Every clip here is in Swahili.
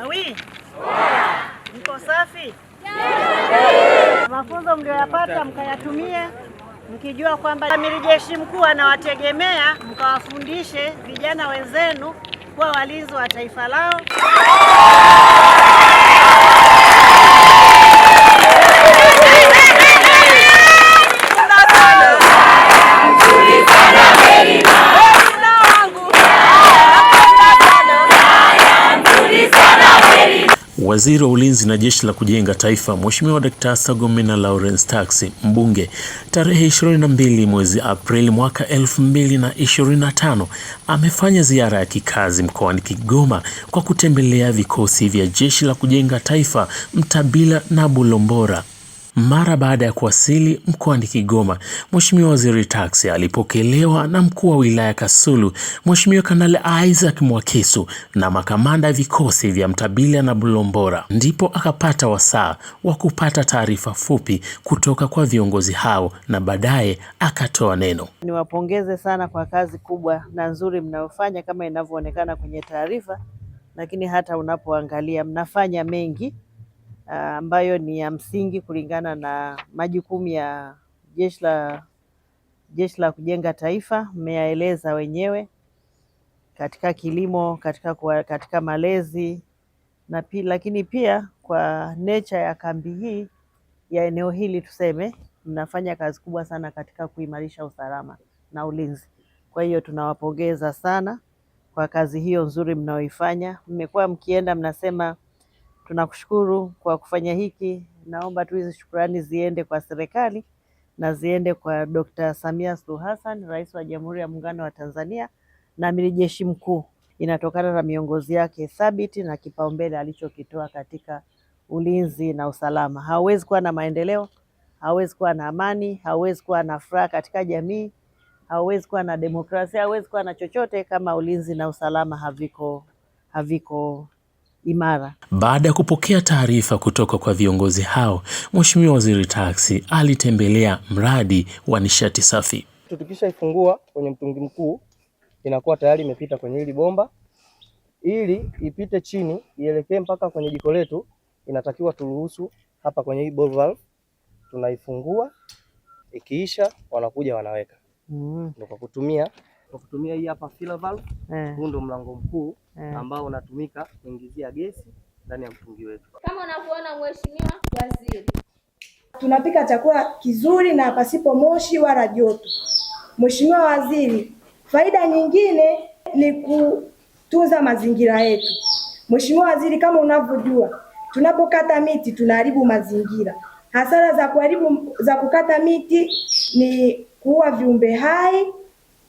Sawi? Mko safi? Mafunzo mlioyapata mkayatumie, mkijua kwamba Amiri Jeshi Mkuu anawategemea, mkawafundishe vijana wenzenu kuwa walinzi wa taifa lao. Waziri wa Ulinzi na Jeshi la Kujenga Taifa, Mheshimiwa Dkt. Stergomena Lawrence Tax, mbunge, tarehe 22 mwezi Aprili mwaka 2025 amefanya ziara ya kikazi mkoani Kigoma kwa kutembelea vikosi vya Jeshi la Kujenga Taifa Mtabila na Bulombora mara baada ya kuwasili mkoani Kigoma, Mheshimiwa Waziri taxi alipokelewa na mkuu wa wilaya Kasulu, Mheshimiwa Kanali Isaac Mwakisu na makamanda ya vikosi vya Mtabila na Bulombora, ndipo akapata wasaa wa kupata taarifa fupi kutoka kwa viongozi hao na baadaye akatoa neno. Niwapongeze sana kwa kazi kubwa na nzuri mnayofanya kama inavyoonekana kwenye taarifa, lakini hata unapoangalia mnafanya mengi Eh, ambayo ni ya msingi kulingana na majukumu ya jeshi la jeshi la kujenga taifa. Mmeyaeleza wenyewe katika kilimo, katika, kwa, katika malezi na pi, lakini pia kwa nature ya kambi hii ya eneo hili tuseme, mnafanya kazi kubwa sana katika kuimarisha usalama na ulinzi. Kwa hiyo tunawapongeza sana kwa kazi hiyo nzuri mnayoifanya. Mmekuwa mkienda mnasema Tunakushukuru kwa kufanya hiki. Naomba tu hizi shukurani ziende kwa serikali na ziende kwa Dkt. Samia Suluhu Hassan, Rais wa Jamhuri ya Muungano wa Tanzania na Amiri Jeshi Mkuu, inatokana na miongozi yake thabiti na kipaumbele alichokitoa katika ulinzi na usalama. Hauwezi kuwa na maendeleo, hauwezi kuwa na amani, hauwezi kuwa na furaha katika jamii, hauwezi kuwa na demokrasia, hauwezi kuwa na chochote kama ulinzi na usalama haviko haviko imara. Baada ya kupokea taarifa kutoka kwa viongozi hao, Mheshimiwa Waziri Taksi alitembelea mradi wa nishati safi. Tukishaifungua kwenye mtungi mkuu inakuwa tayari imepita kwenye hili bomba, ili ipite chini ielekee mpaka kwenye jiko letu, inatakiwa turuhusu hapa kwenye hii ball valve, tunaifungua ikiisha, wanakuja wanaweka mm. kwa kutumia kwa kutumia hii hapa filler valve. eh. Huu ndio mlango mkuu eh. ambao unatumika kuingizia gesi ndani ya mtungi wetu. Kama unavyoona mheshimiwa waziri, tunapika chakula kizuri na pasipo moshi wala joto. Mheshimiwa waziri, faida nyingine ni kutunza mazingira yetu. Mheshimiwa waziri, kama unavyojua tunapokata miti tunaharibu mazingira. Hasara za kuharibu za kukata miti ni kuua viumbe hai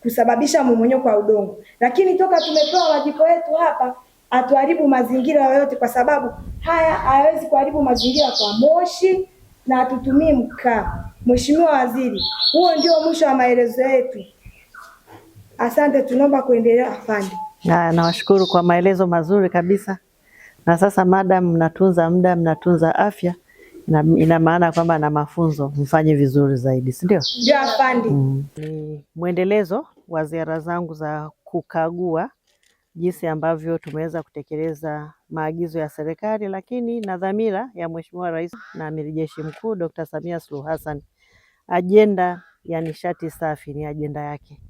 kusababisha mmomonyoko wa udongo, lakini toka tumepewa wajibu wetu hapa atuharibu mazingira yoyote, kwa sababu haya hayawezi kuharibu mazingira kwa moshi na hatutumii mkaa. Mheshimiwa Waziri, huo ndio mwisho wa maelezo yetu. Asante, tunaomba kuendelea afande. Na nawashukuru kwa maelezo mazuri kabisa. Na sasa, madam, mnatunza muda, mnatunza afya, na ina maana kwamba na mafunzo mfanye vizuri zaidi, si ndio? Mm. Ni mwendelezo wa ziara zangu za kukagua jinsi ambavyo tumeweza kutekeleza maagizo ya serikali, lakini na dhamira ya Mheshimiwa Rais na Amiri Jeshi Mkuu Dr. Samia Suluhu Hassan. Ajenda ya nishati safi ni ajenda yake.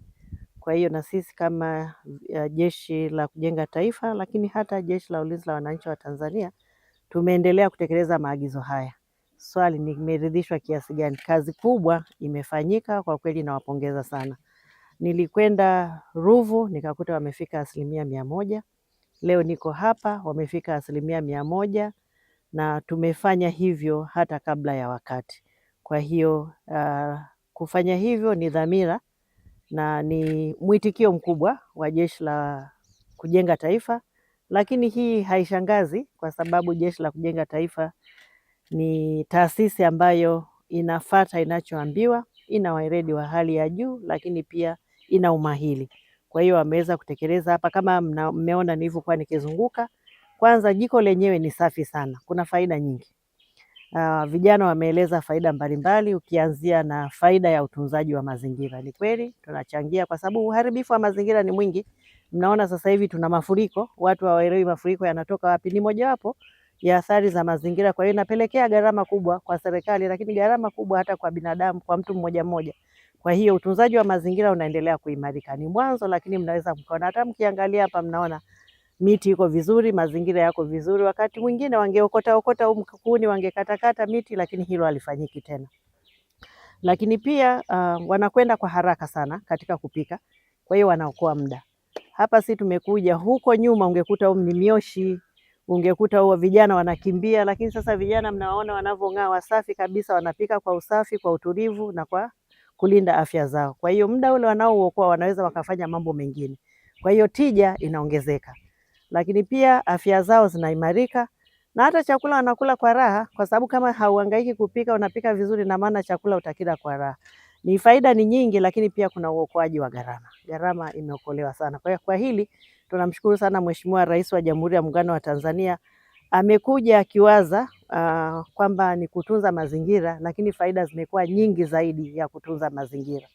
Kwa hiyo na sisi kama eh, Jeshi la Kujenga Taifa, lakini hata Jeshi la Ulinzi la Wananchi wa Tanzania tumeendelea kutekeleza maagizo haya swali nimeridhishwa kiasi gani. Kazi kubwa imefanyika kwa kweli, nawapongeza sana. Nilikwenda Ruvu nikakuta wamefika asilimia mia moja. Leo niko hapa wamefika asilimia mia moja, na tumefanya hivyo hata kabla ya wakati. Kwa hiyo uh, kufanya hivyo ni dhamira na ni mwitikio mkubwa wa Jeshi la Kujenga Taifa, lakini hii haishangazi kwa sababu Jeshi la Kujenga Taifa ni taasisi ambayo inafata inachoambiwa, ina waeredi wa hali ya juu, lakini pia ina umahili. Kwa hiyo wameweza kutekeleza hapa, kama mmeona nilivyokuwa nikizunguka. Kwanza jiko lenyewe ni safi sana, kuna faida nyingi. Uh, vijana wameeleza faida mbalimbali, ukianzia na faida ya utunzaji wa mazingira. Ni kweli tunachangia, kwa sababu uharibifu wa mazingira ni mwingi. Mnaona sasa hivi tuna mafuriko, watu hawaelewi mafuriko yanatoka wapi, ni mojawapo ya athari za mazingira. Kwa hiyo inapelekea gharama kubwa kwa serikali, lakini gharama kubwa hata kwa binadamu, kwa mtu mmoja mmoja. Kwa hiyo utunzaji wa mazingira unaendelea kuimarika, ni mwanzo, lakini mnaweza mkaona, hata mkiangalia hapa mnaona miti iko vizuri, mazingira yako vizuri. Wakati mwingine wangeokota okota au mkukuni wangekatakata miti, lakini hilo halifanyiki tena. Lakini pia uh, wanakwenda kwa haraka sana katika kupika, kwa hiyo wanaokoa muda. Hapa si tumekuja huko nyuma, ungekuta ni mioshi ungekuta huo vijana wanakimbia, lakini sasa vijana mnawaona wanavyong'aa, wasafi kabisa, wanapika kwa usafi, kwa utulivu na kwa kulinda afya zao. Kwa hiyo muda ule wanaouokoa wanaweza wakafanya mambo mengine, kwa hiyo tija inaongezeka, lakini pia afya zao zinaimarika na hata chakula wanakula kwa raha, kwa sababu kama hauhangaiki kupika, unapika vizuri, na maana chakula utakila kwa raha. Ni faida ni nyingi, lakini pia kuna uokoaji wa gharama. Gharama imeokolewa sana. Kwa hiyo kwa hili Tunamshukuru sana Mheshimiwa Rais wa Jamhuri ya Muungano wa Tanzania amekuja akiwaza uh, kwamba ni kutunza mazingira, lakini faida zimekuwa nyingi zaidi ya kutunza mazingira.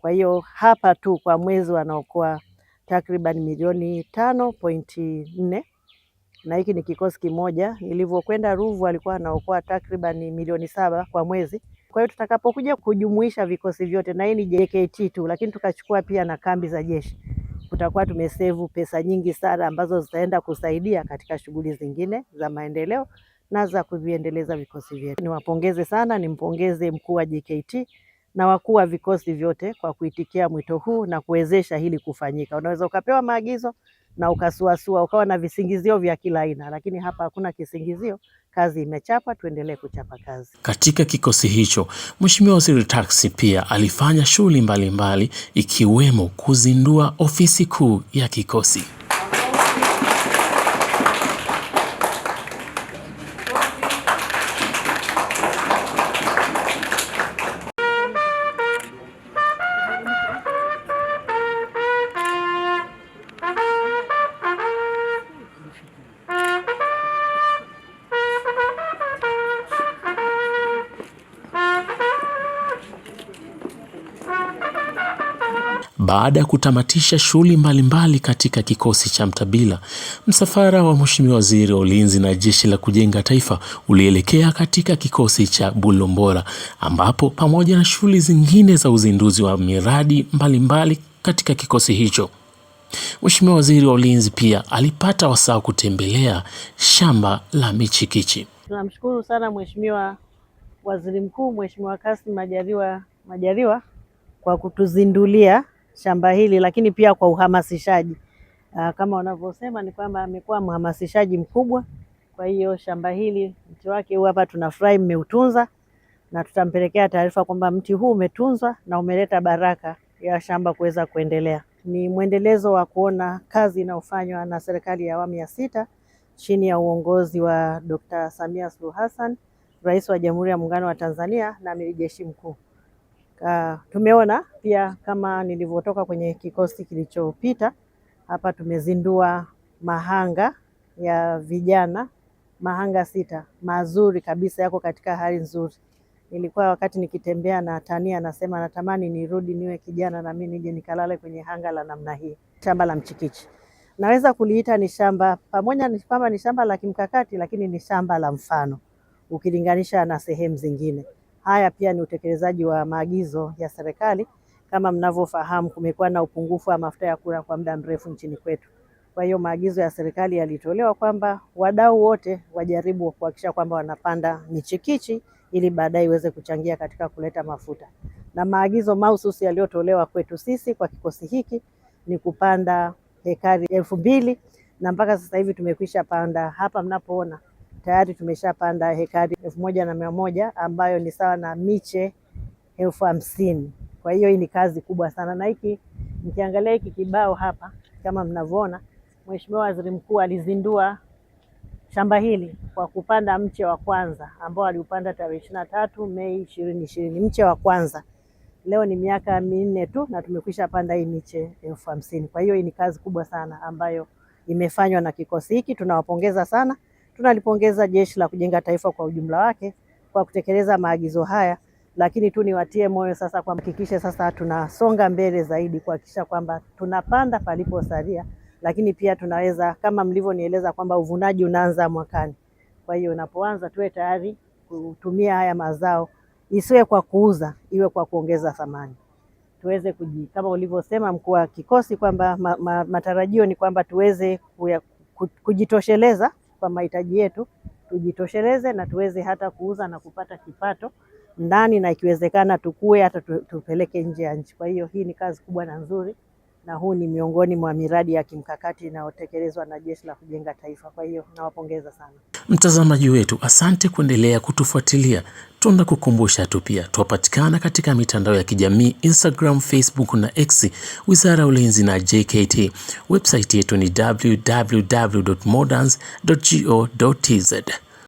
Kwa hiyo hapa tu kwa mwezi wanaokoa takriban milioni tano pointi nne na hiki ni kikosi kimoja. Nilivyokwenda Ruvu alikuwa anaokoa takriban milioni saba kwa mwezi. Kwa hiyo tutakapokuja kujumuisha vikosi vyote, na hii ni JKT tu, lakini tukachukua pia na kambi za jeshi tutakuwa tumesevu pesa nyingi sana ambazo zitaenda kusaidia katika shughuli zingine za maendeleo na za kuviendeleza vikosi vyetu. Niwapongeze sana, nimpongeze mkuu wa JKT na wakuu wa vikosi vyote kwa kuitikia mwito huu na kuwezesha hili kufanyika. Unaweza ukapewa maagizo na ukasuasua, ukawa na visingizio vya kila aina, lakini hapa hakuna kisingizio. Kazi imechapa, tuendelee kuchapa kazi. Katika kikosi hicho, Mheshimiwa Waziri Tax pia alifanya shughuli mbalimbali ikiwemo kuzindua ofisi kuu ya kikosi. Baada ya kutamatisha shughuli mbalimbali katika kikosi cha Mtabila, msafara wa Mheshimiwa Waziri wa Ulinzi na Jeshi la Kujenga Taifa ulielekea katika kikosi cha Bulombora ambapo pamoja na shughuli zingine za uzinduzi wa miradi mbalimbali mbali katika kikosi hicho. Mheshimiwa Waziri wa Ulinzi pia alipata wasaa kutembelea shamba la michikichi. Tunamshukuru sana Mheshimiwa Waziri Mkuu Mheshimiwa Kassim Majaliwa Majaliwa kwa kutuzindulia shamba hili, lakini pia kwa uhamasishaji. Ah, kama wanavyosema ni kwamba amekuwa mhamasishaji mkubwa. Kwa hiyo shamba hili mti wake huu hapa tunafurahi mmeutunza, na tutampelekea taarifa kwamba mti huu umetunzwa na umeleta baraka ya shamba kuweza kuendelea. Ni mwendelezo wa kuona kazi inayofanywa na serikali ya awamu ya sita chini ya uongozi wa Dr. Samia Suluhu Hassan, Rais wa Jamhuri ya Muungano wa Tanzania na Amiri Jeshi Mkuu. Ah, tumeona pia kama nilivyotoka kwenye kikosi kilichopita hapa, tumezindua mahanga ya vijana, mahanga sita mazuri kabisa, yako katika hali nzuri. Nilikuwa wakati nikitembea na tania, nasema natamani nirudi niwe kijana na mimi nije nikalale kwenye hanga la namna hii. Shamba la mchikichi naweza kuliita ni shamba pamoja kwamba ni shamba la kimkakati, lakini ni shamba la mfano ukilinganisha na sehemu zingine. Haya pia ni utekelezaji wa maagizo ya serikali. Kama mnavyofahamu, kumekuwa na upungufu wa mafuta ya kura kwa muda mrefu nchini kwetu. Kwa hiyo maagizo ya serikali yalitolewa kwamba wadau wote wajaribu kuhakikisha kwamba wanapanda michikichi ili baadaye iweze kuchangia katika kuleta mafuta, na maagizo mahususi yaliyotolewa kwetu sisi kwa kikosi hiki ni kupanda hekari elfu mbili na mpaka sasa hivi tumekwisha panda hapa mnapoona tayari tumeshapanda hekari elfu moja na mia moja ambayo ni sawa na miche elfu hamsini. Kwa hiyo hii ni kazi kubwa sana, na hiki mkiangalia hiki kibao hapa kama mnavyoona, Mheshimiwa Waziri Mkuu alizindua shamba hili kwa kupanda mche wa kwanza ambao aliupanda tarehe ishirini na tatu Mei ishirini ishirini, mche wa kwanza. Leo ni miaka minne tu na tumekwisha panda hii miche elfu hamsini. Kwa hiyo hii ni kazi kubwa sana ambayo imefanywa na kikosi hiki, tunawapongeza sana. Tunalipongeza Jeshi la Kujenga Taifa kwa ujumla wake kwa kutekeleza maagizo haya, lakini tu niwatie moyo sasa, kuhakikisha sasa tunasonga mbele zaidi kuhakikisha kwamba tunapanda paliposalia, lakini pia tunaweza kama mlivyonieleza kwamba uvunaji unaanza mwakani. Kwa hiyo unapoanza tuwe tayari kutumia haya mazao, isiwe kwa kuuza, iwe kwa kuongeza thamani tuweze kuji, kama ulivyosema mkuu wa kikosi kwamba ma, ma, matarajio ni kwamba tuweze kujitosheleza kwa mahitaji yetu, tujitosheleze na tuweze hata kuuza na kupata kipato ndani, na ikiwezekana tukue hata tupeleke nje ya nchi. Kwa hiyo hii ni kazi kubwa na nzuri na huu ni miongoni mwa miradi ya kimkakati inayotekelezwa na Jeshi la Kujenga Taifa. Kwa hiyo nawapongeza sana mtazamaji wetu, asante kuendelea kutufuatilia. Tunakukumbusha tu pia twapatikana katika mitandao ya kijamii Instagram, Facebook na X, Wizara ya Ulinzi na JKT. Website yetu ni www.moderns.go.tz.